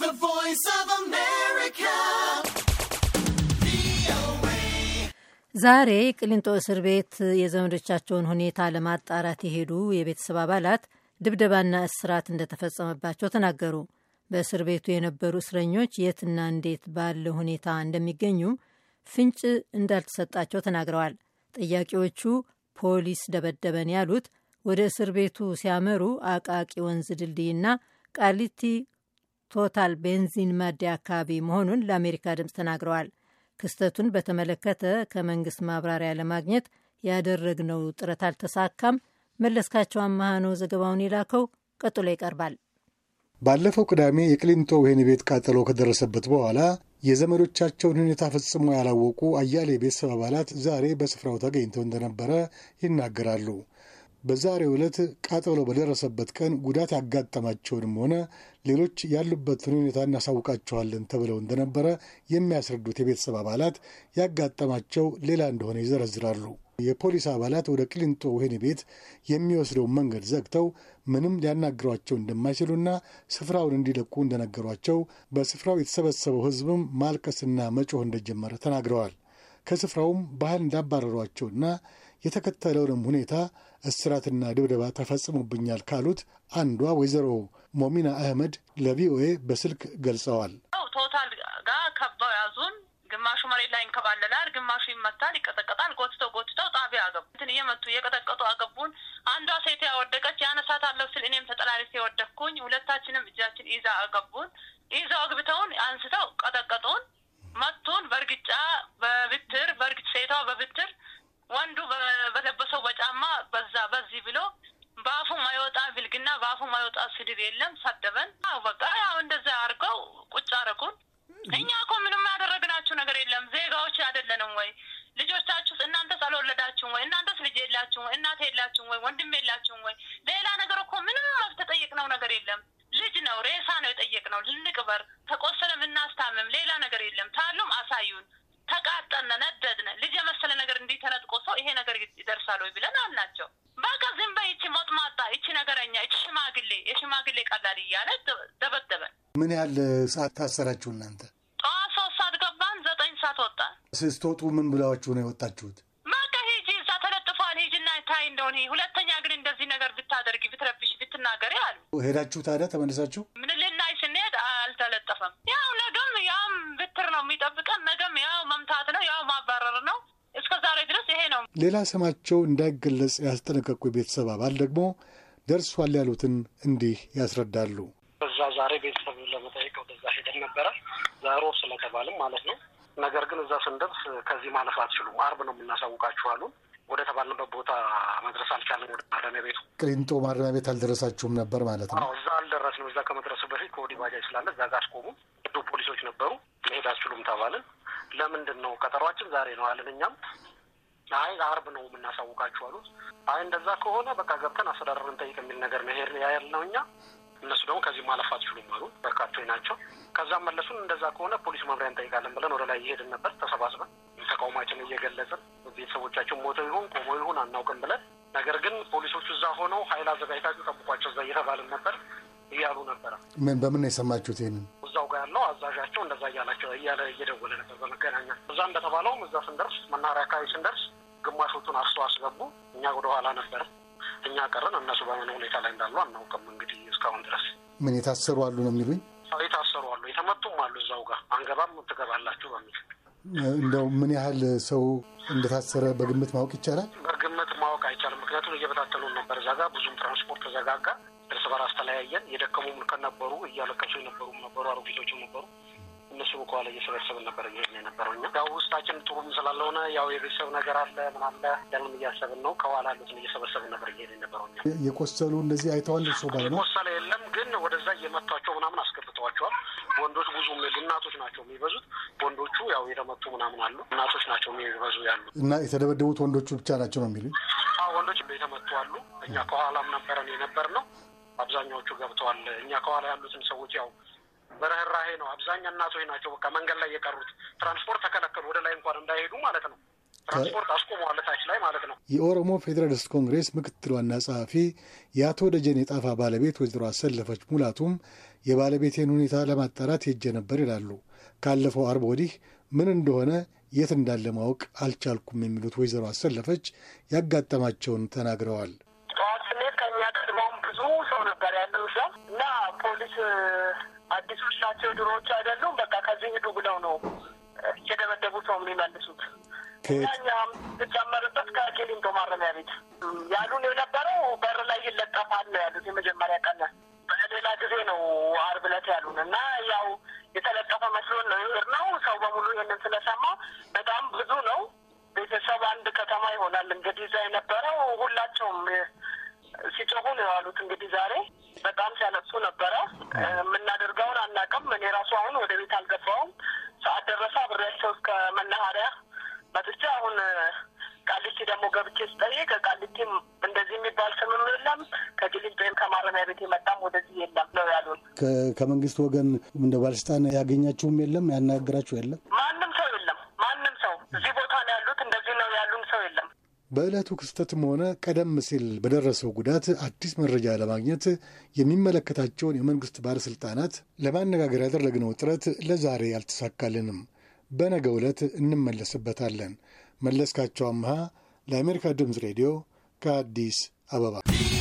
The Voice of America. ዛሬ ቅሊንጦ እስር ቤት የዘመዶቻቸውን ሁኔታ ለማጣራት የሄዱ የቤተሰብ አባላት ድብደባና እስራት እንደተፈጸመባቸው ተናገሩ። በእስር ቤቱ የነበሩ እስረኞች የትና እንዴት ባለ ሁኔታ እንደሚገኙ ፍንጭ እንዳልተሰጣቸው ተናግረዋል። ጠያቂዎቹ ፖሊስ ደበደበን ያሉት ወደ እስር ቤቱ ሲያመሩ አቃቂ ወንዝ ድልድይና ቃሊቲ ቶታል ቤንዚን ማደያ አካባቢ መሆኑን ለአሜሪካ ድምፅ ተናግረዋል። ክስተቱን በተመለከተ ከመንግስት ማብራሪያ ለማግኘት ያደረግነው ጥረት አልተሳካም። መለስካቸው አማሃ ነው ዘገባውን የላከው፣ ቀጥሎ ይቀርባል። ባለፈው ቅዳሜ የክሊንቶ ወህኒ ቤት ቃጠሎ ከደረሰበት በኋላ የዘመዶቻቸውን ሁኔታ ፈጽሞ ያላወቁ አያሌ ቤተሰብ አባላት ዛሬ በስፍራው ተገኝተው እንደነበረ ይናገራሉ። በዛሬው ዕለት ቃጠሎ በደረሰበት ቀን ጉዳት ያጋጠማቸውንም ሆነ ሌሎች ያሉበትን ሁኔታ እናሳውቃቸዋለን ተብለው እንደነበረ የሚያስረዱት የቤተሰብ አባላት ያጋጠማቸው ሌላ እንደሆነ ይዘረዝራሉ። የፖሊስ አባላት ወደ ቅሊንጦ ወህኒ ቤት የሚወስደውን መንገድ ዘግተው ምንም ሊያናግሯቸው እንደማይችሉና ስፍራውን እንዲለቁ እንደነገሯቸው በስፍራው የተሰበሰበው ህዝብም ማልቀስና መጮህ እንደጀመረ ተናግረዋል። ከስፍራውም ባህል እንዳባረሯቸውና የተከተለውንም ሁኔታ እስራትና ድብደባ ተፈጽሞብኛል ካሉት አንዷ ወይዘሮ ሞሚና አህመድ ለቪኦኤ በስልክ ገልጸዋል። ቶታል ጋር ከበው ያዙን። ግማሹ መሬት ላይ እንከባለላል፣ ግማሹ ይመታል፣ ይቀጠቀጣል። ጎትተው ጎትተው ጣቢያ አገቡ። እንትን እየመቱ እየቀጠቀጡ አገቡን። አንዷ ሴት ያወደቀች ያነሳት አለው ስል እኔም ተጠላልፌ የወደቅኩኝ። ሁለታችንም እጃችን ይዛ አገቡን። ይዘው አግብተውን አንስተው ቀጠቀጡን፣ መቱን በእርግጫ የምታደርጉን? እኛ እኮ ምንም ያደረግናችሁ ነገር የለም። ዜጋዎች አይደለንም ወይ? ልጆቻችሁስ እናንተስ አልወለዳችሁም ወይ? እናንተስ ልጅ የላችሁም ወይ? እናት የላችሁም ወይ? ወንድም የላችሁም ወይ? ሌላ ነገር እኮ ምንም ያልተጠየቅነው ነገር የለም። ልጅ ነው፣ ሬሳ ነው የጠየቅነው። ልንቅበር፣ ተቆሰለም እናስታምም፣ ሌላ ነገር የለም። ታሉም አሳዩን። ተቃጠነ፣ ነደድነ። ልጅ የመሰለ ነገር እንዲህ ተነጥቆ ሰው ይሄ ነገር ይደርሳል ወይ ብለን አልናቸው። በቃ ዝም በይ፣ ይቺ ሞጥማጣ፣ ይቺ ነገረኛ፣ ይቺ ሽማግሌ፣ የሽማግሌ ቀላል እያለ ደበደበ። ምን ያህል ሰዓት ታሰራችሁ እናንተ? ጠዋት ሶስት ሰዓት ገባን፣ ዘጠኝ ሰዓት ወጣን። ስትወጡ ምን ብላችሁ ነው የወጣችሁት? በቃ ሂጂ እዛ ተለጥፏል፣ ሂጂና ታይ እንደሆነ ሁለተኛ ግን እንደዚህ ነገር ብታደርጊ ብትረብሽ ብትናገሪ አሉ። ሄዳችሁ ታዲያ ተመልሳችሁ ምን ልናይ ስንሄድ አልተለጠፈም። ያው ነገም ያም ብትር ነው የሚጠብቀን፣ ነገም ያው መምታት ነው ያው ማባረር ነው። እስከ ዛሬ ድረስ ይሄ ነው። ሌላ ስማቸው እንዳይገለጽ ያስጠነቀቁ የቤተሰብ አባል ደግሞ ደርሷል ያሉትን እንዲህ ያስረዳሉ። በዛ ዛሬ ቤተሰብ ነበረ ዛሮ ስለተባልም ማለት ነው። ነገር ግን እዛ ስንደርስ ከዚህ ማለፍ አትችሉም፣ አርብ ነው የምናሳውቃችሁ አሉን። ወደ ተባልንበት ቦታ መድረስ አልቻለም። ወደ ማረሚያ ቤቱ ቅሊንጦ ማረሚያ ቤት አልደረሳችሁም ነበር ማለት ነው? እዛ አልደረስንም። እዛ ከመድረሱ በፊት ከወዲ ባጃጅ ስላለ እዛ ጋር አስቆሙ። ዶ ፖሊሶች ነበሩ። መሄድ አትችሉም ተባልን። ለምንድን ነው ቀጠሯችን ዛሬ ነው አለን። እኛም አይ አርብ ነው የምናሳውቃችሁ አሉት። አይ እንደዛ ከሆነ በቃ ገብተን አስተዳደርን ጠይቅ የሚል ነገር መሄድ ያያል ነው እኛ እነሱ ደግሞ ከዚህ ማለፍ አትችሉም አሉ። በርካቶች ናቸው ከዛም መለሱን እንደዛ ከሆነ ፖሊስ መምሪያ እንጠይቃለን ብለን ወደ ላይ እየሄድን ነበር። ተሰባስበን ተቃውማችን እየገለጽን ቤተሰቦቻችን ሞተው ይሁን ቆመው ይሁን አናውቅም ብለን ነገር ግን ፖሊሶቹ እዛ ሆነው ኃይል አዘጋጅታችሁ ጠብቋቸው እዛ እየተባልን ነበር እያሉ ነበረ። ምን በምን የሰማችሁት? ይህንን እዛው ጋር ያለው አዛዣቸው እንደዛ እያላቸው እያለ እየደወለ ነበር በመገናኛ እዛ እንደተባለውም እዛ ስንደርስ መናኸሪያ አካባቢ ስንደርስ ግማሾቹን አርሶ አስገቡ። እኛ ወደኋላ ነበር እኛ ቀረን። እነሱ በምን ሁኔታ ላይ እንዳሉ አናውቅም። እንግዲህ እስካሁን ድረስ ምን የታሰሩ አሉ ነው የሚሉኝ የታሰሩ አሉ፣ የተመቱም አሉ። እዛው ጋር አንገባም ትገባላችሁ በሚል እንደው ምን ያህል ሰው እንደታሰረ በግምት ማወቅ ይቻላል? በግምት ማወቅ አይቻልም። ምክንያቱም እየበታተኑን ነበር። እዛ ጋር ብዙም ትራንስፖርት ተዘጋጋ። እርስ በራስ ተለያየን። የደከሙም ከነበሩ እያለቀሱ የነበሩም ነበሩ፣ አሮጊቶችም ነበሩ። እነሱ በኋላ እየሰበሰብን ነበር እየሄድን የነበረው እኛ ያው ውስጣችን ጥሩም ስላለሆነ ያው የቤተሰብ ነገር አለ ምን አለ ያንን እያሰብን ነው። ከኋላ ያሉትን እየሰበሰብን ነበር እየሄድን የነበረው እኛ። የቆሰሉ እነዚህ አይተዋል። እርሶ ባለ የቆሰለ የለም ግን ወደዛ እየመቷቸው ምናምን አስገብተዋቸዋል። ወንዶች ብዙ እናቶች ናቸው የሚበዙት። ወንዶቹ ያው የተመቱ ምናምን አሉ። እናቶች ናቸው የሚበዙ ያሉ እና የተደበደቡት ወንዶቹ ብቻ ናቸው ነው የሚሉኝ። ወንዶች የተመቱ አሉ። እኛ ከኋላም ነበረን የነበር ነው። አብዛኛዎቹ ገብተዋል። እኛ ከኋላ ያሉትን ሰዎች ያው በረህራሄ ነው። አብዛኛ እናቶች ናቸው በቃ መንገድ ላይ የቀሩት። ትራንስፖርት ተከለከሉ፣ ወደ ላይ እንኳን እንዳይሄዱ ማለት ነው። ትራንስፖርት አስቆመዋል፣ ታች ላይ ማለት ነው። የኦሮሞ ፌዴራሊስት ኮንግሬስ ምክትል ዋና ጸሐፊ የአቶ ደጀኔ ጣፋ ባለቤት ወይዘሮ አሰለፈች ሙላቱም የባለቤቴን ሁኔታ ለማጣራት ሄጄ ነበር ይላሉ። ካለፈው አርብ ወዲህ ምን እንደሆነ የት እንዳለ ማወቅ አልቻልኩም የሚሉት ወይዘሮ አሰለፈች ያጋጠማቸውን ተናግረዋል። ጠዋት ስንሄድ ቀድሞውም ብዙ ሰው ነበር ያለው እዛ እና ፖሊስ ናቸው ድሮዎች አይደሉም፣ በቃ ከዚህ ሂዱ ብለው ነው የደበደቡት ነው የሚመልሱት። እኛም ስጨመርበት ከቂሊንጦ ማረሚያ ቤት ያሉን የነበረው በር ላይ ይለጠፋል ነው ያሉት። የመጀመሪያ ቀን በሌላ ጊዜ ነው አርብ ዕለት ያሉን እና ያው የተለጠፈ መስሎን ነው ነው ሰው በሙሉ ይህንን ስለሰማ በጣም ብዙ ነው ቤተሰብ አንድ ከተማ ይሆናል እንግዲህ እዛ የነበረው ሁላቸውም ሲጮሁ ነው የዋሉት። እንግዲህ ዛሬ ሐኪም እንደዚህ የሚባል ስምም የለም ወይም ከማረሚያ ቤት የመጣም ወደዚህ የለም ነው ያሉን። ከመንግስት ወገን እንደ ባለስልጣን ያገኛችሁም የለም ያናገራችሁ የለም ማንም ሰው የለም። ማንም ሰው እዚህ ቦታ ነው ያሉት እንደዚህ ነው ያሉን ሰው የለም። በዕለቱ ክስተትም ሆነ ቀደም ሲል በደረሰው ጉዳት አዲስ መረጃ ለማግኘት የሚመለከታቸውን የመንግስት ባለስልጣናት ለማነጋገር ያደረግነው ጥረት ለዛሬ አልተሳካልንም። በነገ ዕለት እንመለስበታለን። መለስካቸው አምሃ ለአሜሪካ ድምፅ ሬዲዮ ከአዲስ አበባ